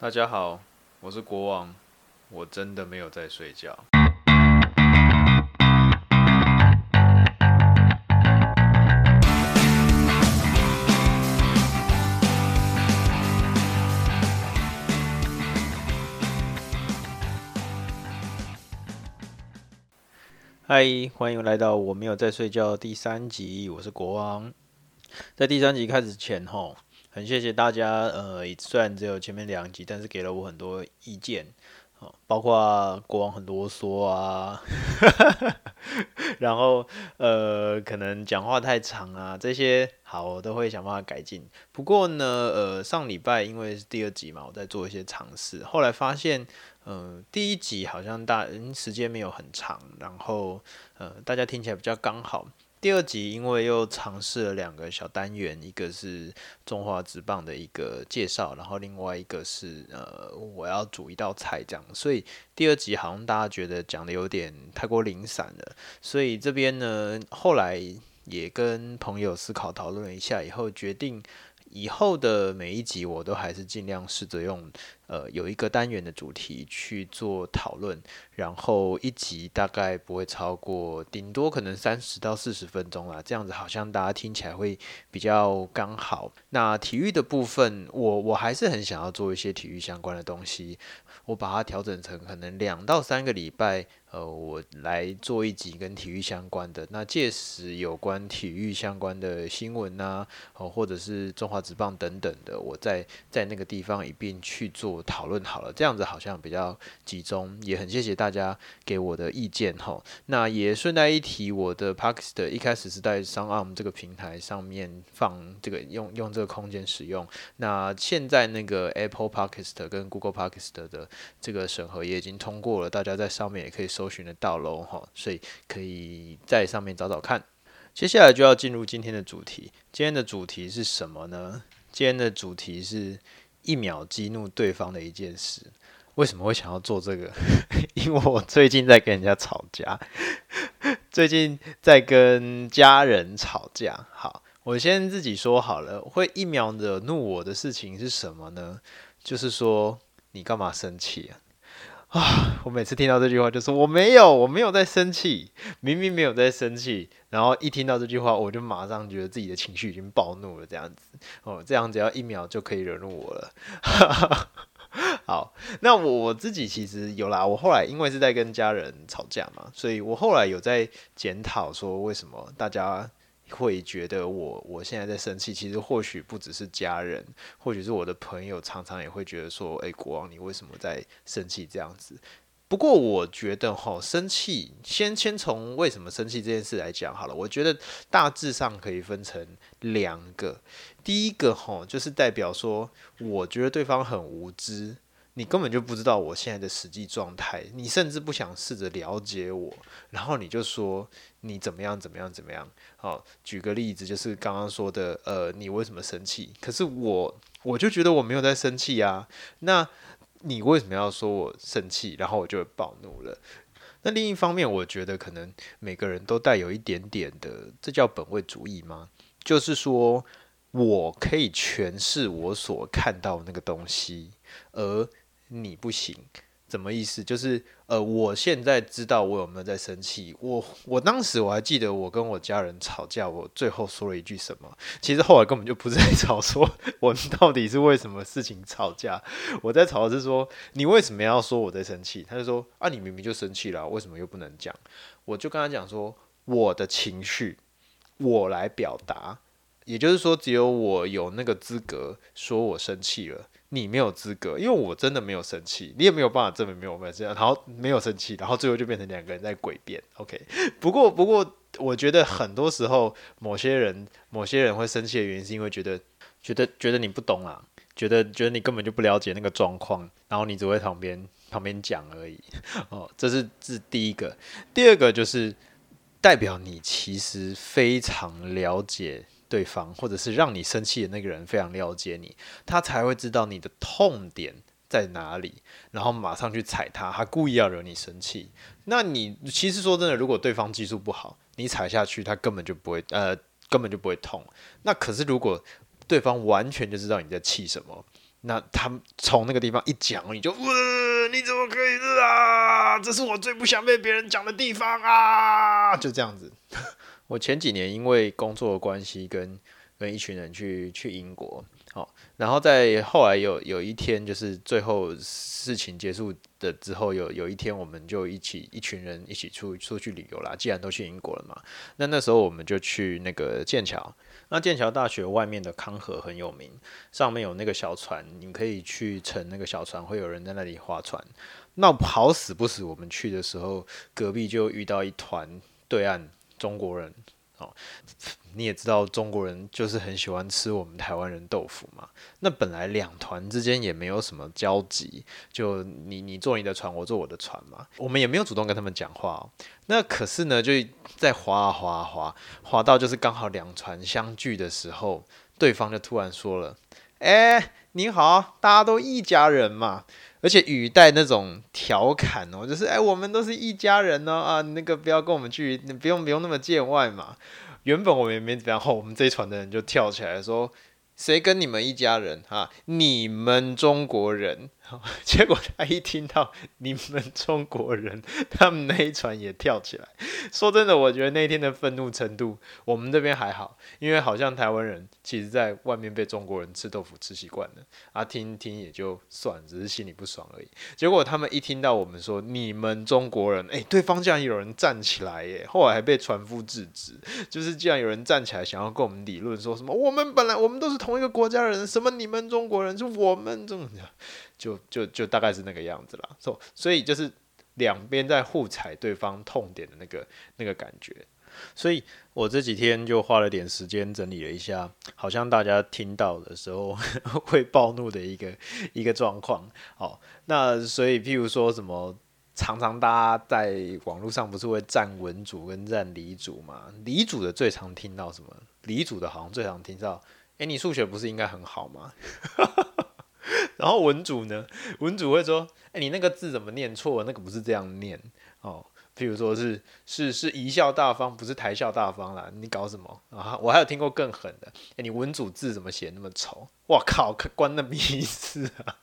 大家好，我是國王，我真的沒有在睡覺。嗨，歡迎來到我沒有在睡覺第三集。我是國王，在第三集開始前吼很謝謝大家，呃，雖然只有前面兩集，但是給了我很多意見，包括國王很囉嗦啊， 然後呃，可能講話太長啊，這些好，我都會想辦法改進。不過呢，呃，上禮拜因為是第二集嘛，我在做一些嘗試，後來發現，嗯、呃，第一集好像大、嗯、時間沒有很長，然後呃，大家聽起來比較剛好。第二集因為又嘗試了兩個小單元，一個是中華職棒的一個介紹，然後另外一個是呃我要煮一道菜這樣，所以第二集好像大家覺得講的有點太過零散了，所以這邊呢，後來也跟朋友思考討論了一下以後決定。以後的每一集，我都還是盡量試着用，呃，有一個單元的主題去做討論，然後一集大概不會超過，頂多可能三十到四十分鐘啦，這樣子好像大家聽起來會比較剛好。那體育的部分，我我還是很想要做一些體育相關的東西，我把它調整成可能兩到三個禮拜。呃，我來做一集跟體育相關的。那屆時有關體育相關的新聞吶、啊呃，或者是中華職棒，等等的，我在在那個地方一併去做討論好了。這樣子好像比較集中，也很謝謝大家給我的意見吼。那也順帶一提，我的 Podcast 一開始是在 SoundOn 這個平台上面放這個用用這個空間使用。那現在那個 Apple Podcast 跟 Google Podcast 的這個審核也已經通過了，大家在上面也可以搜。搜尋的道路哈，所以可以在上面找找看。接下來就要進入今天的主題。今天的主題是什麼呢？今天的主題是一秒激怒對方的一件事。為什麼會想要做這個？因為我最近在跟人家吵架，最近在跟家人吵架。好，我先自己說好了，會一秒惹怒我的事情是什麼呢？就是說，你幹嘛生氣啊？啊、哦！我每次聽到這句話，就說我沒有，我沒有在生氣，明明沒有在生氣。然後一聽到這句話，我就馬上覺得自己的情緒已經暴怒了這、哦，這樣子哦，這樣只要一秒就可以惹怒我了。 好，那我，我自己其實有啦，我後來因為是在跟家人吵架嘛，所以我後來有在檢討說為什麼大家。會覺得我我現在在生氣，其實或許不只是家人，或許是我的朋友，常常也會覺得說，欸，國王你為什麼在生氣這樣子？不過我覺得吼，生氣先先從為什麼生氣這件事來講好了。我覺得大致上可以分成兩個，第一個吼，就是代表說，我覺得對方很無知。你根本就不知道我現在的實際狀態，你甚至不想試着了解我，然後你就說你怎麼樣怎麼樣怎麼樣。好，舉個例子，就是剛剛說的，呃，你為什麼生氣？可是我我就覺得我沒有在生氣啊。那你為什麼要說我生氣？然後我就會暴怒了。那另一方面，我覺得可能每個人都帶有一點點的，這叫本位主義嗎？就是說我可以詮釋我所看到那個東西，而。你不行，什麼意思？就是呃，我現在知道我有沒有在生氣。我我當時我還記得，我跟我家人吵架，我最後說了一句什麼？其實後來根本就不是在吵，說我到底是為什麼事情吵架。我在吵的是說，你為什麼要說我在生氣？他就說啊，你明明就生氣了啊，為什麼又不能講？我就跟他講說，我的情緒我來表達，也就是說，只有我有那個資格說我生氣了。你沒有資格，因為我真的沒有生氣，你也沒有辦法證明沒有生氣，然後沒有生氣，然後最後就變成兩個人在詭辯。OK，不過不過，我覺得很多時候某些人某些人會生氣的原因，是因為覺得覺得覺得你不懂啊，覺得覺得你根本就不了解那個狀況，然後你只會旁邊旁邊講而已。哦，這是這是第一個，第二個就是代表你其實非常了解。對方或者是讓你生氣的那個人非常了解你，他才會知道你的痛點在哪裡，然後馬上去踩他，他故意要惹你生氣。那你其實說真的，如果對方技術不好，你踩下去，他根本就不會，呃，根本就不會痛。那可是如果對方完全就知道你在氣什麼，那他從那個地方一講，你就、呃，你怎麼可以啊？這是我最不想被別人講的地方啊！就這樣子。 我前幾年因為工作的關係，跟跟一群人去去英國，哦，然後在後來有有一天，就是最後事情結束的之後有，有有一天我們就一起一群人一起出去出去旅遊啦。既然都去英國了嘛，那那時候我們就去那個劍橋。那劍橋大學外面的康河很有名，上面有那個小船，你可以去乘那個小船，會有人在那裡划船。那好死不死，我們去的時候，隔壁就遇到一團對岸。中國人哦，你也知道中國人就是很喜歡吃我們台灣人豆腐嘛。那本來兩團之間也沒有什麼交集，就你你坐你的船，我坐我的船嘛。我們也沒有主動跟他們講話哦。那可是呢，就在划啊划啊划，划到就是剛好兩船相聚的時候，對方就突然說了：“欸，你好，大家都一家人嘛。”而且語帶那種調侃哦、喔，就是哎、欸，我們都是一家人呢、喔、啊，那個不要跟我們去，不用不用那麼見外嘛。原本我們也沒怎樣，後我們這一船的人就跳起來說，誰跟你們一家人啊？你們中國人。結果他一聽到你們中國人，他們那一船也跳起來。說真的，我覺得那天的憤怒程度，我們這邊還好，因為好像台灣人其實在外面被中國人吃豆腐吃習慣了啊，聽聽也就算了，只是心裡不爽而已。結果他們一聽到我們說你們中國人，哎，對方竟然有人站起來耶、欸！後來還被船夫制止，就是既然有人站起來想要跟我們理論，說什麼我們本來我們都是同一個國家人，什麼你們中國人，是我們這種的。就就就大概是那個樣子啦，所、so, 所以就是兩邊在互踩對方痛點的那個那個感覺，所以我這幾天就花了點時間整理了一下，好像大家聽到的時候 會暴怒的一個一個狀況。好，那所以譬如說什麼，常常大家在網絡上不是會站文組跟站理組嘛？理組的最常聽到什麼？理組的好像最常聽到，哎、欸，你數學不是應該很好嗎？ 然後文組呢？文組會說：“哎，你那個字怎麼念錯？那個不是這樣念哦。譬如說是是是貽笑大方，不是台笑大方啦。你搞什麼啊？我還有聽過更狠的。哎，你文組字怎麼寫那麼醜？我靠，關那麼一次啊！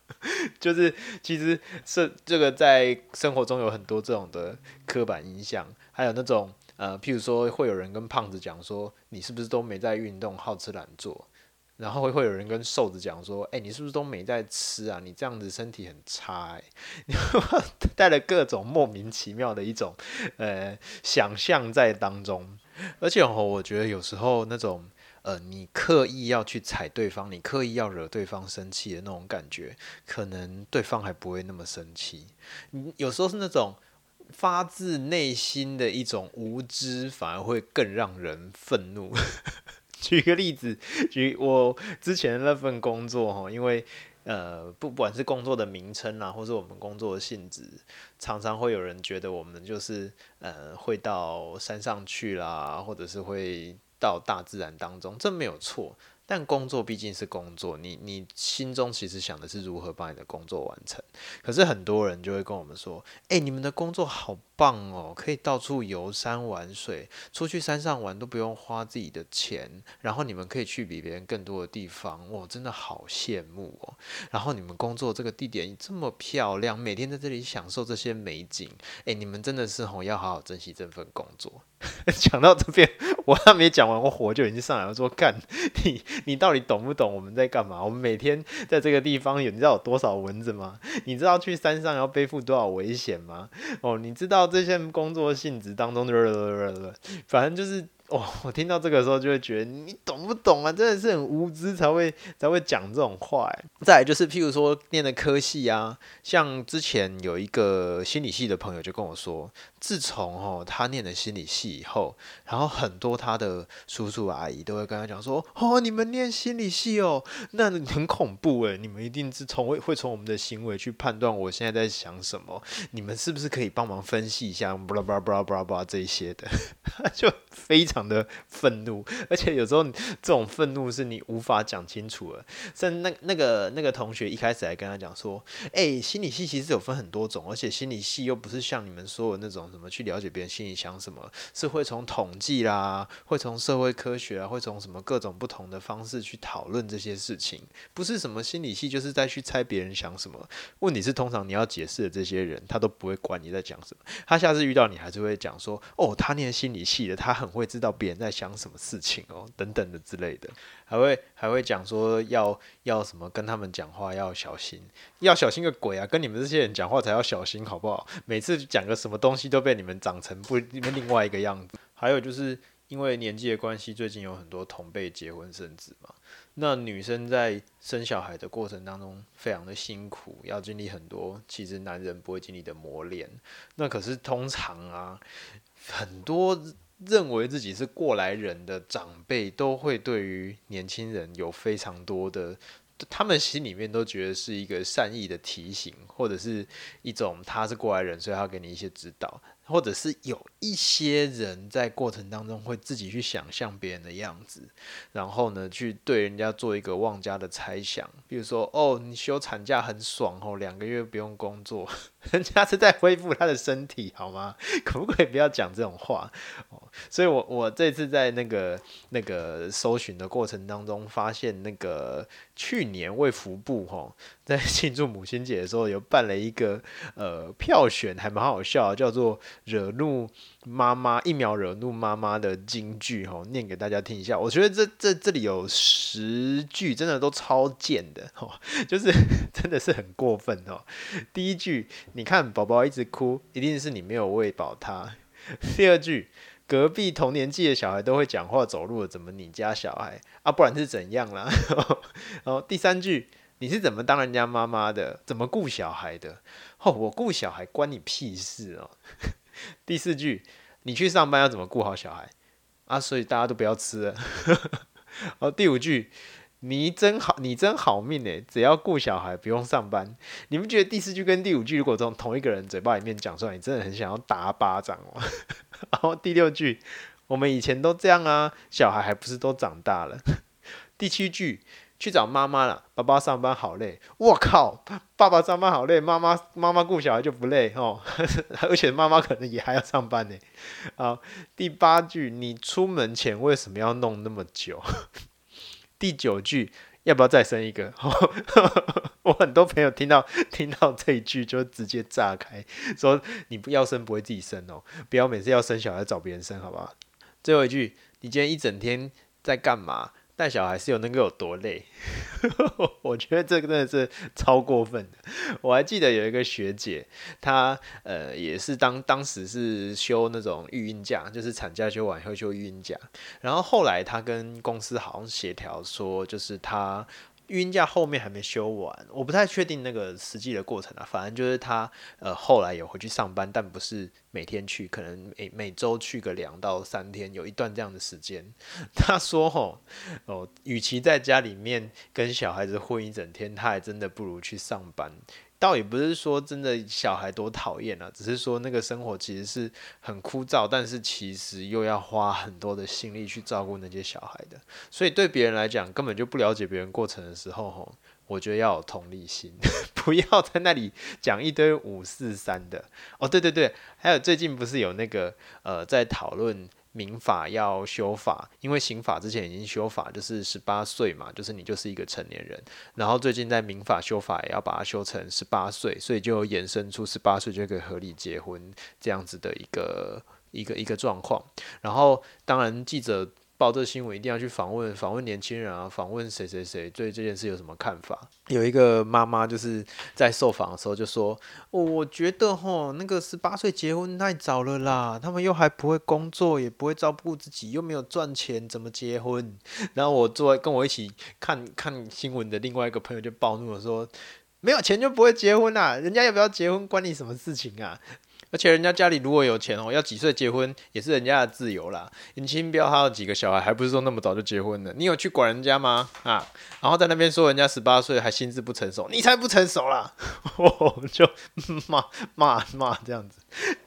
就是其實是這個，在生活中有很多這種的刻板印象，還有那種呃，譬如說會有人跟胖子講說：你是不是都沒在運動，好吃懶做？”然後會會有人跟瘦子講說，哎、欸，你是不是都沒在吃啊？你這樣子身體很差，哎、欸， 帶了各種莫名其妙的一種呃想象在當中。而且哦，我覺得有時候那種呃，你刻意要去踩對方，你刻意要惹對方生氣的那種感覺，可能對方還不會那麼生氣。你有時候是那種發自內心的一種無知，反而會更讓人憤怒。舉個例子，舉我之前那份工作哈，因為呃，不管是工作的名稱啦，或是我們工作的性質，常常會有人覺得我們就是呃，會到山上去啦，或者是會到大自然當中，這沒有錯。但工作畢竟是工作，你你心中其實想的是如何把你的工作完成。可是很多人就會跟我們說：“欸，你們的工作好。”棒哦，可以到處遊山玩水，出去山上玩都不用花自己的錢，然後你們可以去比別人更多的地方，我、哦、真的好羨慕哦。然後你們工作這個地點這麼漂亮，每天在這裡享受這些美景，誒，你們真的是、哦、要好好珍惜這份工作。講到這邊，我還沒講完，我火就已經上來了，說幹你，你到底懂不懂我們在幹嘛？我們每天在這個地方有，你知道有多少蚊子嗎？你知道去山上要背負多少危險嗎？哦，你知道？這些工作性質當中就，就反正就是。我、哦、我聽到這個時候就會覺得你懂不懂啊？真的是很無知才會才會講這種話。哎，再來就是譬如說念的科系啊，像之前有一個心理系的朋友就跟我說，自從哦他念了心理系以後，然後很多他的叔叔阿姨都會跟他講說，哦你們念心理系哦，那很恐怖哎，你們一定是從會會從我們的行為去判斷我現在在想什麼，你們是不是可以幫忙分析一下布拉布拉布拉布拉這些的， 就非常。常的憤怒，而且有時候這種憤怒是你無法講清楚的。像那那個那個同學一開始還跟他講說：“誒、欸，心理系其實有分很多種，而且心理系又不是像你們說的那種什麼去了解別人心裡想什麼，是會從統計啦，會從社會科學啊，會從什麼各種不同的方式去討論這些事情。不是什麼心理系就是在去猜別人想什麼。問題是通常你要解釋的這些人，他都不會管你在講什麼，他下次遇到你還是會講說：‘哦，他念心理系的，他很會知道。’別人在想什麼事情哦，等等的之類的，還會還會講說要要什麼跟他們講話要小心，要小心個鬼啊！跟你們這些人講話才要小心好不好？每次講個什麼東西都被你們講成不另外一個樣子。 還有就是因為年紀的關係，最近有很多同輩結婚生子嘛。那女生在生小孩的過程當中非常的辛苦，要經歷很多其實男人不會經歷的磨練。那可是通常啊，很多。認為自己是過來人的長輩，都會對於年輕人有非常多的，他們心裡面都覺得是一個善意的提醒，或者是一種他是過來人，所以他要給你一些指導。或者是有一些人在過程當中會自己去想象別人的樣子，然後呢，去對人家做一個妄加的猜想。比如說，哦，你休產假很爽哦，兩個月不用工作，人家是在恢復他的身體，好嗎？可不可以不要講這種話？哦，所以我我這次在那個那個搜尋的過程當中，發現那個去年衛福部吼。在慶祝母親節的時候，有辦了一個呃票選，還蠻好笑的，叫做“惹怒媽媽，一秒惹怒媽媽”媽媽的金句。哦，念給大家聽一下。我覺得這這這裡有十句，真的都超賤的哦，就是真的是很過分哦。第一句，你看寶寶一直哭，一定是你沒有餵飽他。第二句，隔壁同年紀的小孩都會講話走路了，怎麼你家小孩啊？不然是怎樣啦？然後第三句。你是怎麼當人家媽媽的？怎麼顧小孩的？哦，我顧小孩關你屁事哦、喔！ 第四句，你去上班要怎麼顧好小孩啊？所以大家都不要吃了、 哦。第五句，你真好，你真好命誒。只要顧小孩，不用上班。你不覺得第四句跟第五句如果從同一個人嘴巴裡面講出來，你真的很想要打巴掌 哦。然後第六句，我們以前都這樣啊，小孩還不是都長大了？ 第七句。去找媽媽了，爸爸上班好累，我靠，爸爸上班好累，媽媽媽媽顧小孩就不累哦， 而且媽媽可能也還要上班呢。好，第八句，你出門前為什麼要弄那麼久？ 第九句，要不要再生一個？ 我很多朋友聽到聽到這一句就直接炸開，說你不要生不會自己生哦，不要每次要生小孩找別人生好不好？最後一句，你今天一整天在幹嘛？帶小孩是有能夠有多累？ 我覺得這個真的是超過分的。我還記得有一個學姐，她呃也是當當時是休那種育嬰假，就是產假休完以後休育嬰假，然後後來她跟公司好像協調說，就是她。育嬰假後面還沒休完，我不太確定那個實際的過程啊。反正就是他呃後來有回去上班，但不是每天去，可能每每週去個兩到三天，有一段這樣的時間。他說齁：“吼、呃、哦，與其在家裡面跟小孩子混一整天，他還真的不如去上班。”倒也不是說真的小孩多討厭啊。只是說那個生活其實是很枯燥，但是其實又要花很多的心力去照顧那些小孩的，所以對別人來講根本就不了解別人過程的時候，吼，我覺得要有同理心， 不要在那裡講一堆五四三的。哦，對對對，還有最近不是有那個呃在討論。民法要修法，因為刑法之前已經修法，就是十八歲嘛，就是你就是一個成年人。然後最近在民法修法，也要把它修成十八歲，所以就延伸出十八歲就可以合理結婚這樣子的一個一個一個狀況。然後當然記者報這個新聞一定要去訪問訪問年輕人啊，訪問誰誰誰對這件事有什麼看法？有一個媽媽就是在受訪的時候就說：“哦，我覺得吼，那個十八歲結婚太早了啦，他們又還不會工作，也不會照顧自己，又沒有賺錢，怎麼結婚？”然後我作為跟我一起看看新聞的另外一個朋友就暴怒了說：“沒有錢就不會結婚啦，人家要不要結婚關你什麼事情啊？”而且人家家裡如果有錢哦，要幾歲結婚也是人家的自由啦。尹清標他有幾個小孩還不是說那麼早就結婚了？你有去管人家嗎？啊，然後在那邊說人家十八歲還心智不成熟，你才不成熟啦！ 我就罵罵罵這樣子。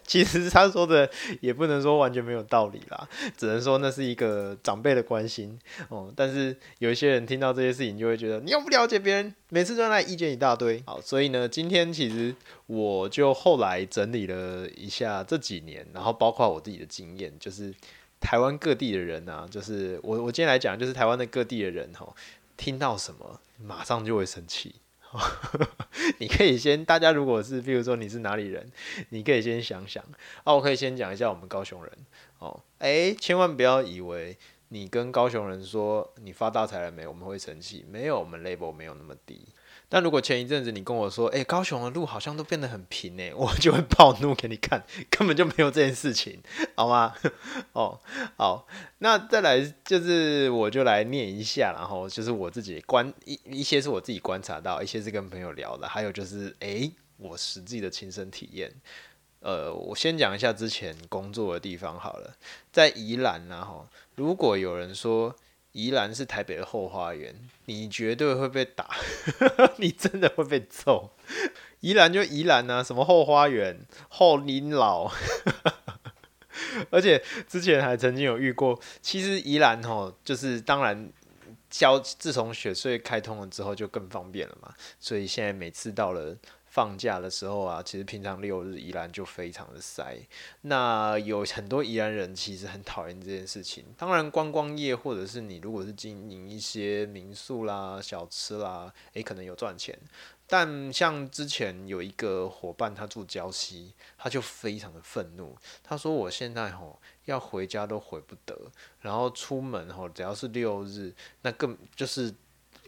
其實他說的也不能說完全沒有道理啦，只能說那是一個長輩的關心哦。但是有一些人聽到這些事情，就會覺得你又不了解別人，每次都在意見一大堆。好，所以呢，今天其實我就後來整理了一下這幾年，然後包括我自己的經驗，就是台灣各地的人啊，就是我我今天來講，就是台灣的各地的人哈、哦，聽到什麼馬上就會生氣。 你可以先，大家如果是，比如說你是哪裡人，你可以先想想。哦、啊，我可以先講一下我們高雄人。哦，誒、欸，千萬不要以為你跟高雄人說你發大財了沒，我們會生氣。沒有，我們 label 沒有那麼低。但如果前一陣子你跟我說，哎、欸，高雄的路好像都變得很平誒、欸，我就會暴怒給你看，根本就沒有這件事情，好嗎？好、 哦，好，那再來就是，我就來念一下，然後就是我自己觀一一些是我自己觀察到，一些是跟朋友聊的，還有就是，哎、欸，我實際的親身體驗。呃，我先講一下之前工作的地方好了，在宜蘭然後，如果有人說。宜蘭是台北的後花園，你絕對會被打， 你真的會被揍。宜蘭就宜蘭啊，什麼後花園、後林老， 而且之前還曾經有遇過。其實宜蘭吼，就是當然，交自從雪隧開通了之後，就更方便了嘛，所以現在每次到了。放假的時候啊，其實平常六日宜蘭就非常的塞，那有很多宜蘭人其實很討厭這件事情。當然，觀光業或者是你如果是經營一些民宿啦、小吃啦，哎、欸，可能有賺錢。但像之前有一個夥伴，他住礁溪，他就非常的憤怒。他說：“我現在吼要回家都回不得，然後出門吼只要是六日，那更就是。”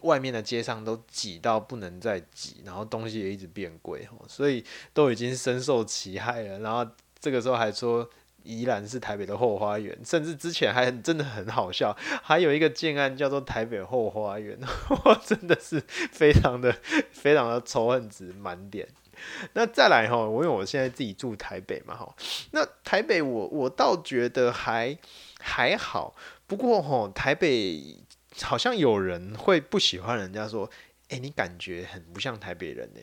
外面的街上都擠到不能再擠，然後東西也一直變貴，所以都已經深受其害了。然後這個時候還說宜蘭是台北的後花園，甚至之前還真的很好笑，還有一個建案叫做台北後花園，我真的是非常的非常的仇恨值滿點。那再來哈，我因為我現在自己住台北嘛，哈，那台北我我倒覺得還還好，不過哈，台北。好像有人會不喜歡人家說：“哎、欸，你感覺很不像台北人呢。”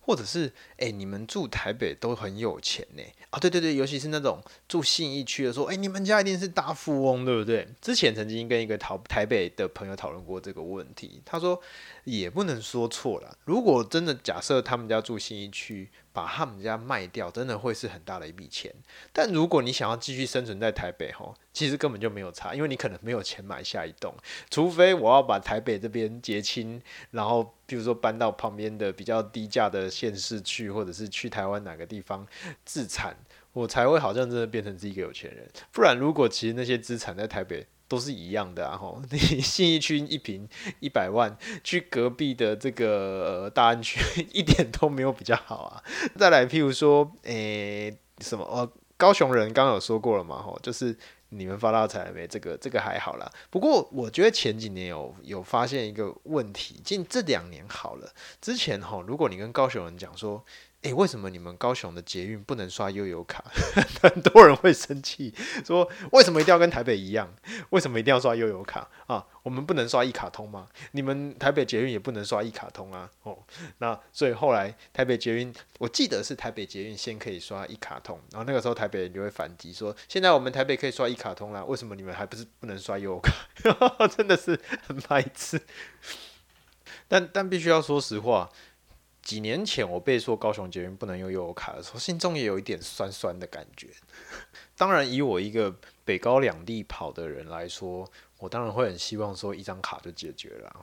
或者是：“哎、欸，你們住台北都很有錢呢。”哦，啊，對對對，尤其是那種住信義區的說：“哎、欸，你們家一定是大富翁，對不對？”之前曾經跟一個討台北的朋友討論過這個問題，他說。也不能說錯了。如果真的假設他們家住信義區，把他們家賣掉，真的會是很大的一筆錢。但如果你想要繼續生存在台北，吼，其實根本就沒有差，因為你可能沒有錢買下一棟。除非我要把台北這邊結清，然後比如說搬到旁邊的比較低價的縣市去，或者是去台灣哪個地方置產，我才會好像真的變成是一個有錢人。不然，如果其實那些資產在台北，都是一樣的啊，吼！你信義區一坪一百萬，去隔壁的這個大安區一點都沒有比較好啊。再來，譬如說，誒、欸，什麼？哦，高雄人剛剛有說過了嘛，吼，就是你們發大財沒？這個，這個還好啦。不過，我覺得前幾年有有發現一個問題，近這兩年好了。之前、哦，吼，如果你跟高雄人講說，誒、欸，為什麼你們高雄的捷運不能刷悠遊卡？ 很多人會生氣，說為什麼一定要跟台北一樣？為什麼一定要刷悠遊卡啊？我們不能刷一卡通嗎？你們台北捷運也不能刷一卡通啊？哦，那所以後來台北捷運，我記得是台北捷運先可以刷一卡通，然後那個時候台北人就會反擊說，現在我們台北可以刷一卡通啦、啊。為什麼你們還不是不能刷悠遊卡？ 真的是很白痴。但但必須要說實話。幾年前我被說高雄捷運不能用悠遊卡的時候，心中也有一點酸酸的感覺。當然，以我一個北高兩地跑的人來說，我當然會很希望說一張卡就解決了。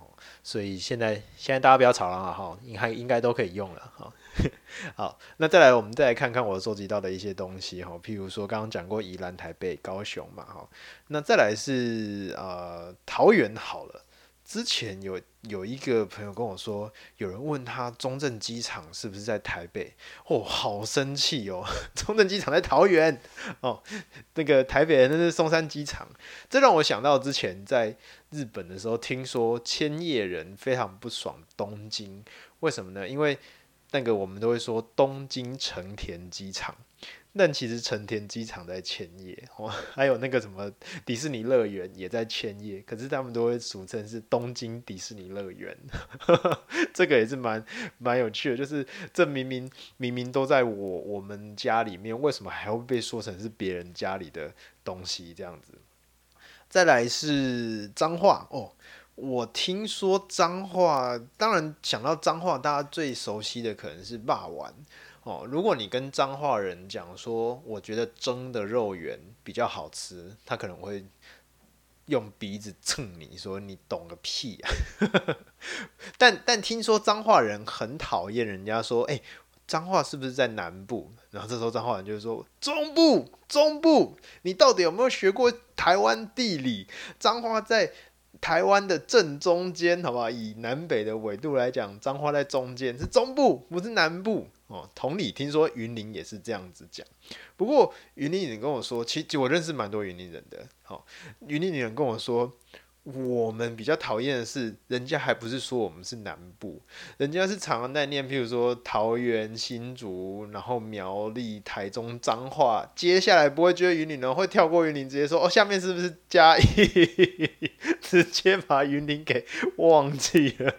所以現在，現在大家不要吵了哈，應該應該都可以用了哈。 好，那再來，我們再來看看我收集到的一些東西哈，譬如說剛剛講過宜蘭、台北、高雄嘛哈。那再來是呃桃園好了，之前有。有一個朋友跟我說，有人問他中正機場是不是在台北？哦，好生氣哦！中正機場在桃園哦，那個台北人那是松山機場。這讓我想到之前在日本的時候，聽說千葉人非常不爽東京，為什麼呢？因為那個我們都會說東京成田機場。但其實成田機場在千葉，哦，還有那個什麼迪士尼樂園也在千葉，可是他們都會俗稱是東京迪士尼樂園，這個也是蠻蠻有趣的，就是這明明明明都在我我們家裡面，為什麼還會被說成是別人家裡的東西這樣子？再來是髒話哦，我聽說髒話，當然想到髒話，大家最熟悉的可能是霸王哦，如果你跟彰化人講說，我覺得蒸的肉圓比較好吃，他可能會用鼻子蹭你說，你懂個屁啊 但！但但聽說彰化人很討厭人家說，哎、欸，彰化是不是在南部？然後這時候彰化人就說，中部中部，你到底有沒有學過台灣地理？彰化在台灣的正中間，好不好？以南北的緯度來講，彰化在中間，是中部，不是南部。哦，同理，聽說雲林也是這樣子講。不過，雲林人跟我說，其實我認識蠻多雲林人的。哦，雲林女人跟我說。我們比較討厭的是，人家還不是說我們是南部，人家是常常在念，譬如說桃園、新竹，然後苗栗、台中、彰化，接下來不會覺得雲林人會跳過雲林，直接說哦，下面是不是嘉義？ 直接把雲林給忘記了。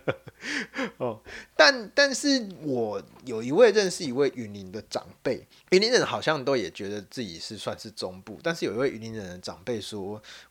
哦，但但是，我有一位認識一位雲林的長輩，雲林人好像都也覺得自己是算是中部，但是有一位雲林人的長輩說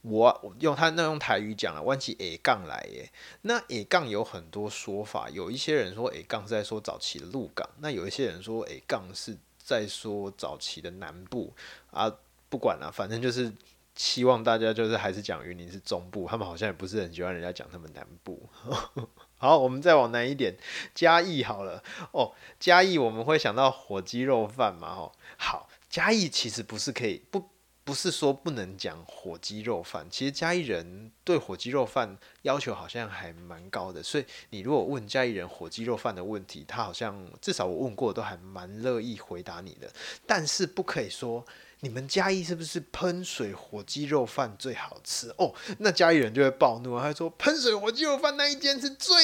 我，我用他那用台語講。講了彎起 A 槓來耶，那 A 槓有很多說法，有一些人說 A 槓是在說早期的鹿港，那有一些人說 A 槓是在說早期的南部啊，不管了，反正就是希望大家就是還是講雲林是中部，他們好像也不是很喜歡人家講他們南部。 好，我們再往南一點，嘉義好了哦，嘉義我們會想到火雞肉飯嘛哦，好，嘉義其實不是可以不。不是說不能講火雞肉飯，其實嘉義人對火雞肉飯要求好像還蠻高的，所以你如果問嘉義人火雞肉飯的問題，他好像至少我問過都還蠻樂意回答你的。但是不可以說你們嘉義是不是噴水火雞肉飯最好吃哦？那嘉義人就會暴怒，他說噴水火雞肉飯那一間是最。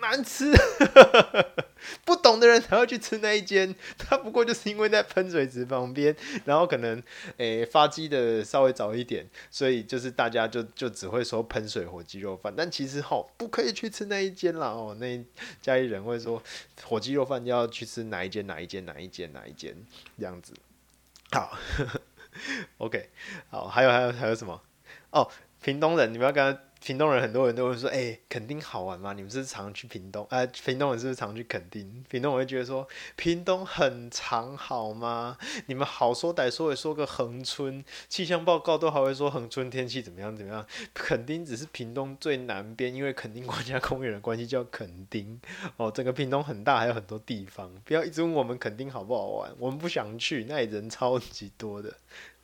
難吃， 不懂的人才會去吃那一間。他不過就是因為在噴水池旁邊，然後可能誒、欸、發機的稍微早一點，所以就是大家就就只會說噴水火雞肉飯。但其實齁不可以去吃那一間啦哦。那家裡人會說火雞肉飯要去吃哪一間哪一間哪一間哪一間這樣子。好 ，OK，好，還有還有還有什麼？哦，屏東人，你們要跟他。屏東人很多人都會說：“哎、欸，墾丁好玩嗎？你們是不是常去屏東？哎、呃，屏東人是不是常去墾丁？屏東人會覺得說屏東很長好嗎？你們好說歹說也說個恆春，氣象報告都還會說恆春天氣怎麼樣怎麼樣？墾丁只是屏東最南邊，因為墾丁國家公園的關係叫墾丁哦。整個屏東很大，還有很多地方，不要一直問我們墾丁好不好玩，我們不想去，那裡人超級多的。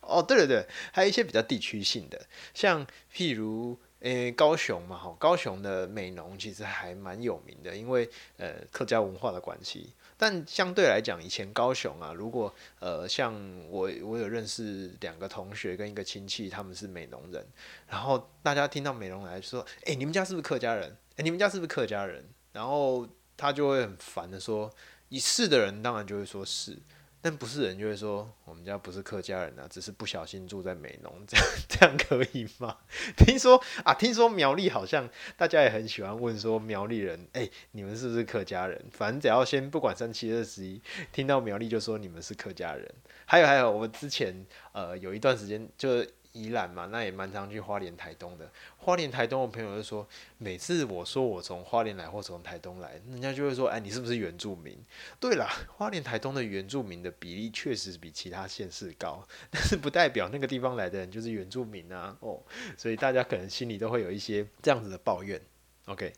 哦，對對對，還有一些比較地區性的，像譬如。”呃、欸，高雄嘛，高雄的美濃其實還蠻有名的，因為呃客家文化的關係。但相對來講，以前高雄啊，如果呃像我，我有認識兩個同學跟一個親戚，他們是美濃人。然後大家聽到美濃來說，誒、欸，你們家是不是客家人？誒、欸，你們家是不是客家人？然後他就會很煩的說，你是的人當然就會說是。但不是人就會說，我們家不是客家人啊，只是不小心住在美濃，這樣這樣可以嗎？聽說啊，聽說苗栗好像大家也很喜歡問說，苗栗人，哎、欸，你們是不是客家人？反正只要先不管三七二十一，聽到苗栗就說你們是客家人。還有還有，我們之前呃有一段時間就。宜蘭嘛，那也蠻常去花蓮、台東的。花蓮、台東的朋友就說，每次我說我從花蓮來或從台東來，人家就會說：“哎、欸，你是不是原住民？”對啦，花蓮、台東的原住民的比例確實比其他縣市高，但是不代表那個地方來的人就是原住民啊。哦，所以大家可能心裡都會有一些這樣子的抱怨。OK，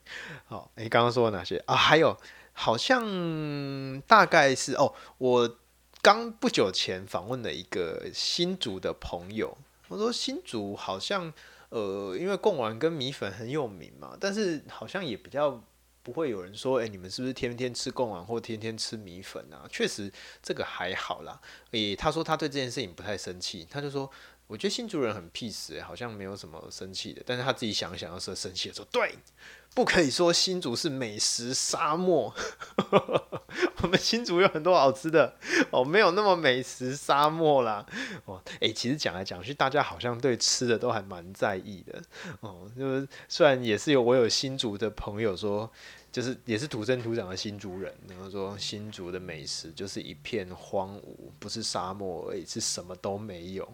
好、哦，你剛剛說哪些啊？還有，好像大概是哦，我剛不久前訪問了一個新竹的朋友。我說新竹好像，呃，因為貢丸跟米粉很有名嘛，但是好像也比較不會有人說，欸，你們是不是天天吃貢丸或天天吃米粉啊？確實這個還好啦。欸，他說他對這件事情不太生氣，他就說，我覺得新竹人很 peace，欸、好像沒有什麼生氣的。但是他自己想一想，的時候，生氣的時候，對，不可以說新竹是美食沙漠。 我們新竹有很多好吃的哦，沒有那麼美食沙漠啦。哦，哎、欸，其實講來講去，大家好像對吃的都還蠻在意的哦。就是雖然也是有我有新竹的朋友說，就是也是土生土長的新竹人，然後說新竹的美食就是一片荒蕪，不是沙漠而已，是什麼都沒有。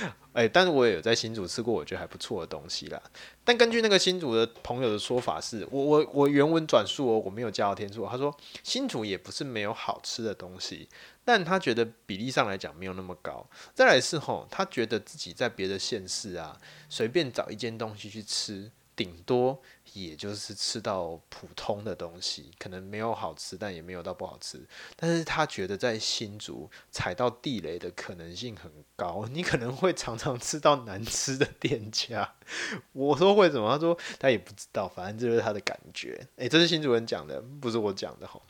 誒、欸，但是我也有在新竹吃過我覺得還不錯的東西啦。但根據那個新竹的朋友的說法是，是我我我原文轉述哦，我沒有加到天數。他說新竹也不是沒有好吃的東西，但他覺得比例上來講沒有那麼高。再來是吼，他覺得自己在別的縣市啊，隨便找一間東西去吃。頂多也就是吃到普通的東西，可能沒有好吃，但也沒有到不好吃。但是他覺得在新竹踩到地雷的可能性很高，你可能會常常吃到難吃的店家。我說為什麼？他說他也不知道，反正這就是他的感覺。誒、欸，這是新竹人講的，不是我講的齁。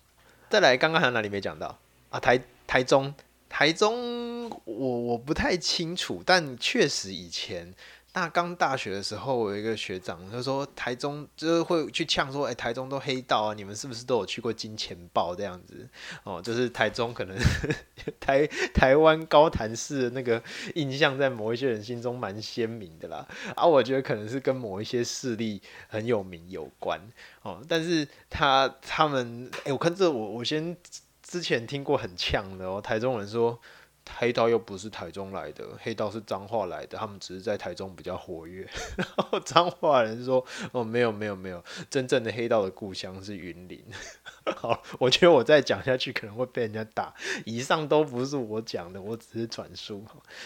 再來，剛剛還哪裡沒講到啊？台台中，台中，我我不太清楚，但確實以前。那剛大學的時候，我有一個學長他說台中就是會去嗆說，誒、欸，台中都黑道啊，你們是不是都有去過金錢豹這樣子？哦，就是台中可能呵呵台台灣高譚市的那個印象在某一些人心中蠻鮮明的啦。啊，我覺得可能是跟某一些勢力很有名有關。哦，但是他他們，誒、欸，我看這我我先之前聽過很嗆的哦，台中人說。黑道又不是台中來的，黑道是彰化來的，他們只是在台中比較活躍。 然後彰化人說：“哦，沒有沒有沒有，真正的黑道的故鄉是雲林。 ”好，我覺得我再講下去可能會被人家打。以上都不是我講的，我只是轉述。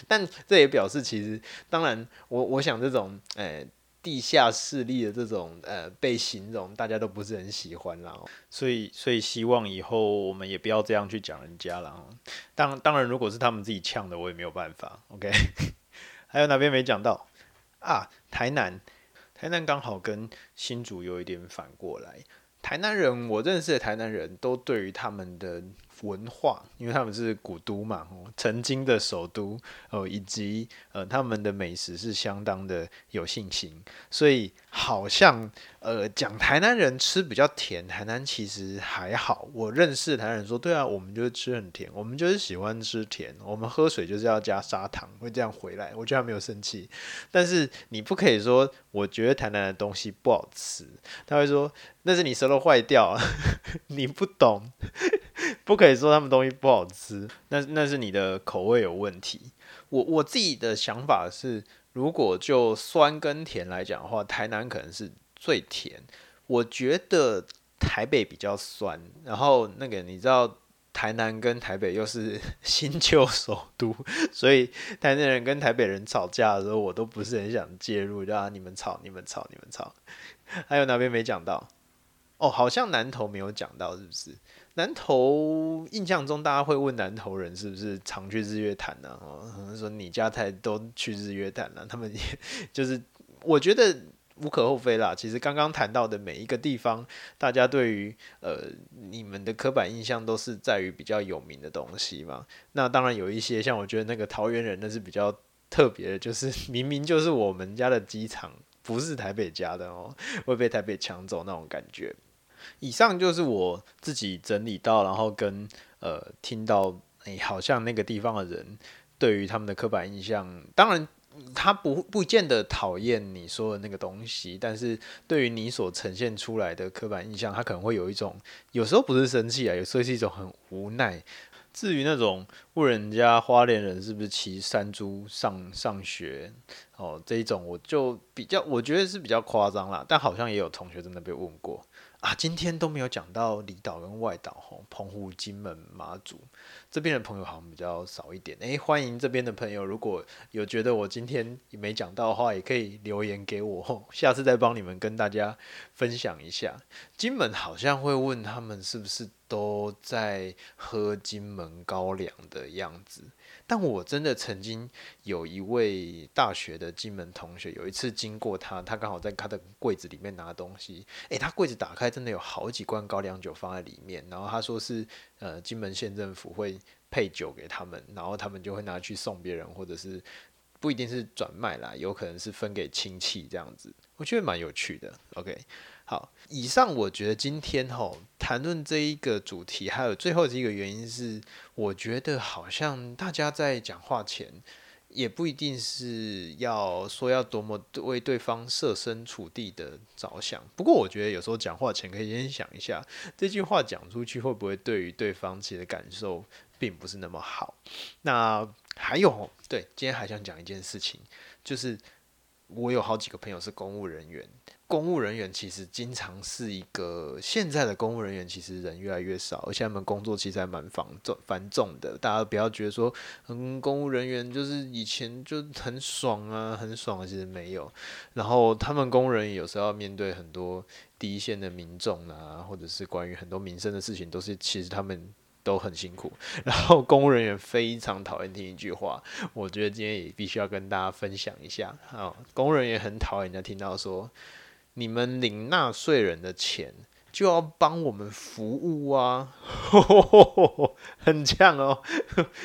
但這也表示，其實當然我，我我想這種誒。欸地下勢力的這種呃被形容，大家都不是很喜歡啦、喔，啦。所以所以希望以後我們也不要這樣去講人家啦、喔。當然當然，如果是他們自己嗆的，我也沒有辦法。OK。 還有哪邊沒講到啊？台南，台南剛好跟新竹有一點反過來。台南人，我認識的台南人都對於他們的。文化，因為他們是古都嘛，曾經的首都，哦、呃，以及呃，他們的美食是相當的有信心，所以好像呃，講台南人吃比較甜，台南其實還好。我認識台南人說，對啊，我們就是吃很甜，我們就是喜歡吃甜，我們喝水就是要加砂糖，會這樣回來。我覺得他沒有生氣，但是你不可以說，我覺得台南的東西不好吃，他會說那是你舌頭壞掉了， 你不懂。不可以說他們東西不好吃，那那是你的口味有問題。我我自己的想法是，如果就酸跟甜來講的話，台南可能是最甜。我覺得台北比較酸。然後那個你知道，台南跟台北又是新舊首都，所以台南人跟台北人吵架的時候，我都不是很想介入，就啊，你們吵，你們吵，你們吵。還有哪邊沒講到？哦，好像南投沒有講到，是不是？南投印象中，大家會問南投人是不是常去日月潭呢、啊？哦，可能說你家台都去日月潭了。他們也就是，我覺得無可厚非啦。其實剛剛談到的每一個地方，大家對於呃你們的刻板印象都是在於比較有名的東西嘛。那當然有一些，像我覺得那個桃園人，那是比較特別的，就是明明就是我們家的機場，不是台北家的哦，會被台北搶走那種感覺。以上就是我自己整理到，然後跟呃聽到、欸，好像那個地方的人對於他們的刻板印象，當然他不不見得討厭你說的那個東西，但是對於你所呈現出來的刻板印象，他可能會有一種，有時候不是生氣啊，有時候是一種很無奈。至於那種問人家花蓮人是不是騎山豬上上學哦這一種，我就比較我覺得是比較誇張啦，但好像也有同學真的被問過。啊，今天都沒有講到離島跟外島，吼，澎湖、金門、馬祖這邊的朋友好像比較少一點。誒、欸，歡迎這邊的朋友，如果有覺得我今天沒講到的話，也可以留言給我，下次再幫你們跟大家分享一下。金門好像會問他們是不是都在喝金門高粱的樣子。但我真的曾經有一位大學的金門同學，有一次經過他，他剛好在他的櫃子裡面拿東西，誒、欸，他櫃子打開，真的有好幾罐高粱酒放在裡面，然後他說是，呃，金門縣政府會配酒給他們，然後他們就會拿去送別人，或者是。不一定是轉賣啦，有可能是分給親戚這樣子，我覺得蠻有趣的。OK，好，以上我覺得今天吼談論這一個主題，還有最後的一個原因是，是我覺得好像大家在講話前，也不一定是要說要多麼為對方設身處地的着想。不過我覺得有時候講話前可以先想一下，這句話講出去會不會對於對方自己的感受並不是那麼好。那。還有，對，今天還想講一件事情，就是我有好幾個朋友是公務人員，公務人員其實經常是一個現在的公務人員其實人越來越少，而且他們工作其實還蠻繁重繁重的。大家不要覺得說，嗯，公務人員就是以前就很爽啊，很爽啊，其實沒有。然後他們工人有時候要面對很多第一線的民眾啊，或者是關於很多民生的事情，都是其實他們。都很辛苦，然後公務人員非常討厭聽一句話，我覺得今天也必須要跟大家分享一下啊、哦。公務人員很討厭人家聽到說，你們領納稅人的錢就要幫我們服務啊，呵呵呵呵很嗆哦。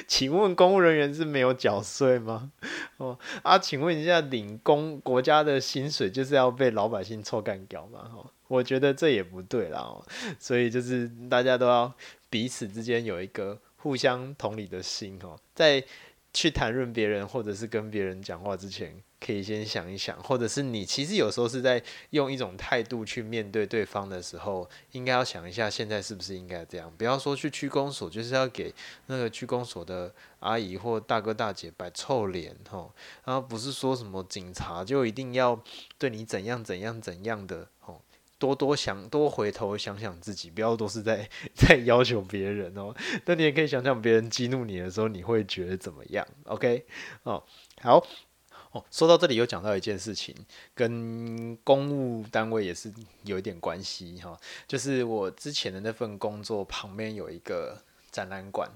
請問公務人員是沒有繳稅嗎？哦啊，請問一下，領工國家的薪水就是要被老百姓臭幹譙嗎、哦？我覺得這也不對啦、哦，所以就是大家都要彼此之間有一個互相同理的心哦，在去談論別人或者是跟別人講話之前，可以先想一想，或者是你其實有時候是在用一種態度去面對對方的時候，應該要想一下現在是不是應該這樣。不要說去區公所就是要給那個區公所的阿姨或大哥大姐擺臭臉哦，然後不是說什麼警察就一定要對你怎樣怎樣怎樣的哦。多多想，多回頭想想自己，不要都是在在要求別人哦。那你也可以想想別人激怒你的時候，你會覺得怎麼樣？OK 哦，好哦。說到這裡，又講到一件事情，跟公務單位也是有一點關係哈、哦。就是我之前的那份工作旁邊有一個展覽館。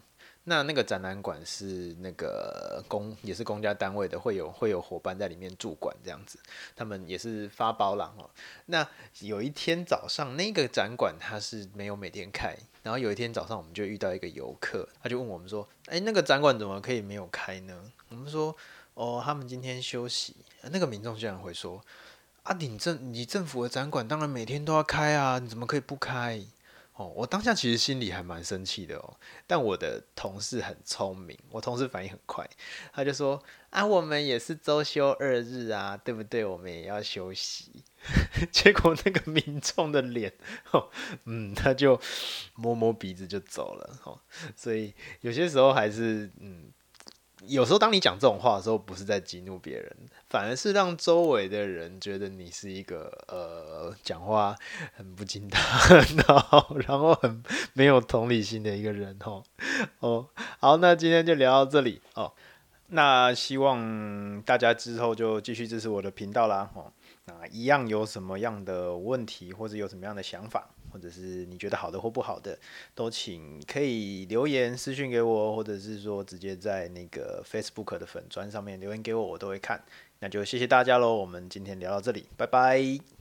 那那個展覽館是那個公也是公家單位的，會有會有夥伴在裡面駐館這樣子，他們也是發包廊哦、喔。那有一天早上，那個展館它是沒有每天開，然後有一天早上我們就遇到一個遊客，他就問我們說：“哎、欸，那個展館怎麼可以沒有開呢？”我們說：“哦，他們今天休息。”那個民眾居然會說：“啊你，你政你政府的展館當然每天都要開啊，你怎麼可以不開？”哦，我當下其實心裡還蠻生氣的哦，但我的同事很聰明，我同事反應很快，他就說啊，我們也是周休二日啊，對不對？我們也要休息。 結果那個民眾的臉，哦，嗯，他就摸摸鼻子就走了。哦，所以有些時候還是嗯。有時候，當你講這種話的時候，不是在激怒別人，反而是讓周圍的人覺得你是一個呃，講話很不經大腦，然後然後很沒有同理心的一個人哦哦。好，那今天就聊到這裡哦。那希望大家之後就繼續支持我的頻道啦哦。那一樣有什麼樣的問題或者有什麼樣的想法？或者是你覺得好的或不好的，都請可以留言私訊給我，或者是說直接在那個 Facebook 的粉專上面留言給我，我都會看。那就謝謝大家嘍，我們今天聊到這裡，拜拜。